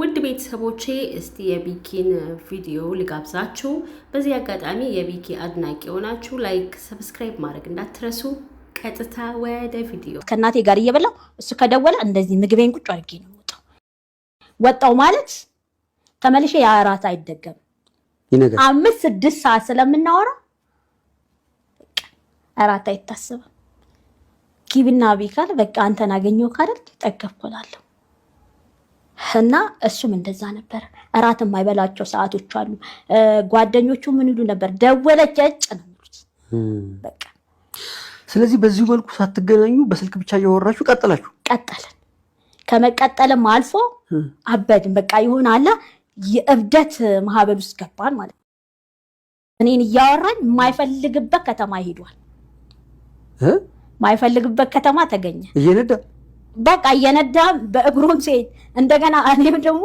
ውድ ቤተሰቦቼ እስቲ የቢኪን ቪዲዮ ልጋብዛችሁ። በዚህ አጋጣሚ የቢኪ አድናቂ የሆናችሁ ላይክ፣ ሰብስክራይብ ማድረግ እንዳትረሱ። ቀጥታ ወደ ቪዲዮ። ከእናቴ ጋር እየበላው እሱ ከደወለ እንደዚህ ምግቤን ቁጭ አድርጌ ነው ወጣው። ወጣው ማለት ተመልሼ የአራት አይደገም አምስት ስድስት ሰዓት ስለምናወራ አራት አይታሰብም። ጊብና ቢካል በቃ አንተን አገኘው ካደል ጠገብኩላለሁ እና እሱም እንደዛ ነበር። እራት የማይበላቸው ሰዓቶች አሉ። ጓደኞቹ ምን ይሉ ነበር? ደወለች እጭ ነው የሚሉት በቃ። ስለዚህ በዚሁ መልኩ ሳትገናኙ በስልክ ብቻ እያወራችሁ ቀጠላችሁ? ቀጠልን። ከመቀጠልም አልፎ አበድን። በቃ ይሆን አለ የእብደት ማህበል ውስጥ ገባን ማለት ነው። እኔን እያወራኝ የማይፈልግበት ከተማ ሄዷል። ማይፈልግበት ከተማ ተገኘ እየነዳ በቃ እየነዳ በእግሩም ሴት እንደገና እኔም ደግሞ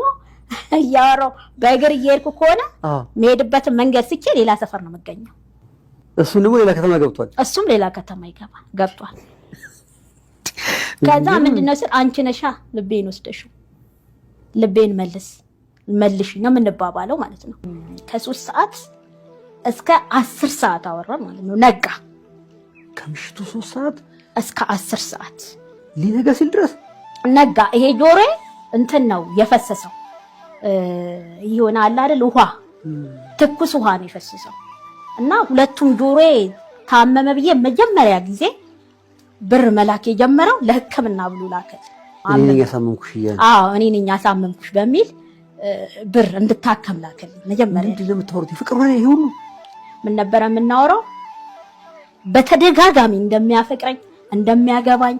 እያወራሁ በእግር እየሄድኩ ከሆነ የሚሄድበትን መንገድ ስቼ ሌላ ሰፈር ነው የምገኘው። እሱም ደግሞ ሌላ ከተማ ገብቷል። እሱም ሌላ ከተማ ይገባ ገብቷል። ከዛ ምንድነው ነው ስል አንቺ ነሻ ልቤን ወስደሽው ልቤን መልስ መልሽ ነው የምንባባለው ማለት ነው። ከሶስት ሰዓት እስከ አስር ሰዓት አወራ ማለት ነው። ነጋ ከምሽቱ ሶስት ሰዓት እስከ አስር ሰዓት ሊነጋ ሲል ድረስ ነጋ። ይሄ ጆሮ እንትን ነው የፈሰሰው ይሆናል አይደል? ውሃ ትኩስ ውሃ ነው የፈሰሰው እና ሁለቱም ጆሮ ታመመ ብዬ መጀመሪያ ጊዜ ብር መላክ የጀመረው ለሕክምና ብሎ ላከ። አዎ እኔ ነኝ ያሳመምኩሽ በሚል ብር እንድታከም ላከልኝ። መጀመሪያ ምንድን ነው የምታወሩት? ፍቅር ሆነ ይሄ ሁሉ ምን ነበረ የምናወራው? በተደጋጋሚ እንደሚያፈቅረኝ እንደሚያገባኝ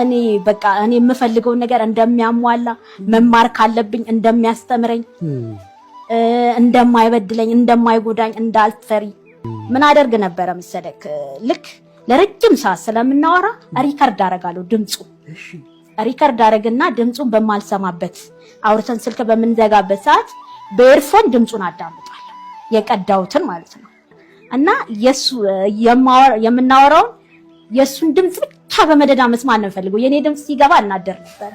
እኔ በቃ እኔ የምፈልገውን ነገር እንደሚያሟላ መማር ካለብኝ እንደሚያስተምረኝ እንደማይበድለኝ እንደማይጎዳኝ እንዳልፈሪ ምን አደርግ ነበረ መሰለክ? ልክ ለረጅም ሰዓት ስለምናወራ ሪከርድ አደርጋለሁ። ድምፁ ሪከርድ አደርግና ድምፁን በማልሰማበት አውርተን ስልክ በምንዘጋበት ሰዓት በኤርፎን ድምፁን አዳምጣለሁ፣ የቀዳሁትን ማለት ነው። እና የምናወራውን የእሱን ድምፅ በመደዳ መስማት ነው ፈልገው። የኔ ድምፅ ሲገባ እናደር ነበር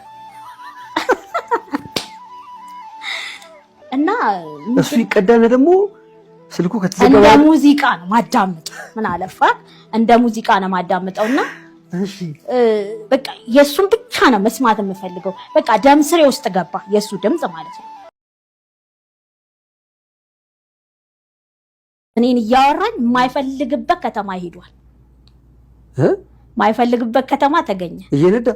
እና እሱ ይቀዳል ደግሞ ስልኩ ከተዘጋ እንደ ሙዚቃ ነው ማዳምጠው። ምን አለፋ እንደ ሙዚቃ ነው ማዳምጠውና በቃ የእሱን ብቻ ነው መስማት የምፈልገው። በቃ ደም ስሬ ውስጥ ገባ የእሱ ድምፅ ማለት ነው። እኔን እያወራኝ የማይፈልግበት ከተማ ሄዷል። ማይፈልግበት ከተማ ተገኘ እየነዳ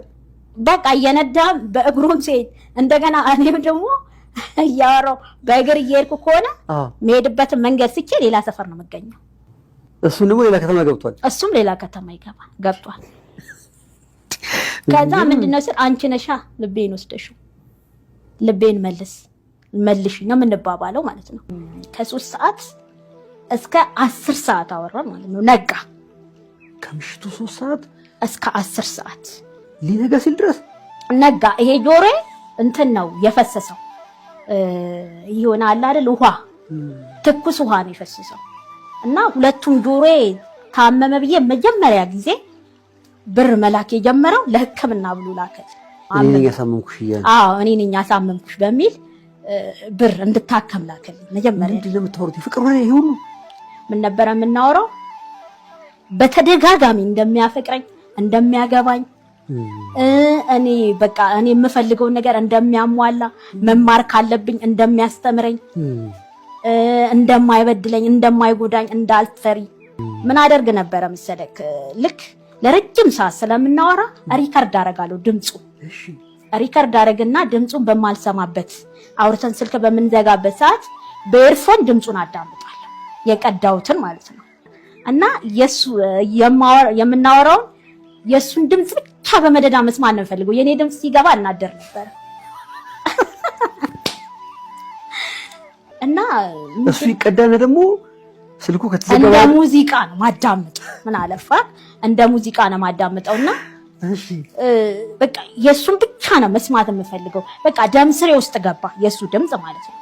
በቃ እየነዳ በእግሩም ሴት እንደገና እኔም ደግሞ እያወራው በእግር እየሄድኩ ከሆነ የሚሄድበትን መንገድ ስቼ ሌላ ሰፈር ነው የምገኘው። እሱም ደግሞ ሌላ ከተማ ገብቷል። እሱም ሌላ ከተማ ይገባል ገብቷል። ከዛ ምንድነው ስል አንቺ ነሻ ልቤን ወስደሽው ልቤን መልስ መልሽ ነው የምንባባለው ማለት ነው። ከሶስት ሰዓት እስከ አስር ሰዓት አወራ ማለት ነው። ነጋ ከምሽቱ ሶስት ሰዓት እስከ አስር ሰዓት ሊነጋ ሲል ድረስ ነጋ። ይሄ ጆሮ እንትን ነው የፈሰሰው ይሆናል አይደል? ውሃ ትኩስ ውሃ ነው የፈሰሰው እና ሁለቱም ጆሮ ታመመ ብዬ መጀመሪያ ጊዜ ብር መላክ የጀመረው ለሕክምና ብሎ ላከ። እኔ ነኝ ያሳመምኩሽ በሚል ብር እንድታከም ላከል። መጀመሪያ ምን ነበረ የምናወራው? በተደጋጋሚ እንደሚያፈቅረኝ እንደሚያገባኝ እኔ በቃ እኔ የምፈልገውን ነገር እንደሚያሟላ መማር ካለብኝ እንደሚያስተምረኝ እንደማይበድለኝ እንደማይጎዳኝ እንዳልፈሪ ምን አደርግ ነበረ መሰለክ? ልክ ለረጅም ሰዓት ስለምናወራ ሪከርድ አደርጋለሁ። ድምፁ ሪከርድ አደርግና ድምፁን በማልሰማበት አውርተን ስልክ በምንዘጋበት ሰዓት በኤርፎን ድምፁን አዳምጣለሁ፣ የቀዳውትን ማለት ነው። እና የሱ የምናወራውን የእሱን ድምፅ ብቻ በመደዳ መስማት ነው የምፈልገው። የእኔ ድምፅ ሲገባ እናደር ነበር እና እሱ ይቀዳል ደግሞ ስልኩ እንደ ሙዚቃ ነው ማዳምጠው። ምን አለፋ እንደ ሙዚቃ ነው ማዳምጠውና በቃ የእሱን ብቻ ነው መስማት የምፈልገው። በቃ ደም ስሬ ውስጥ ገባ የእሱ ድምፅ ማለት ነው።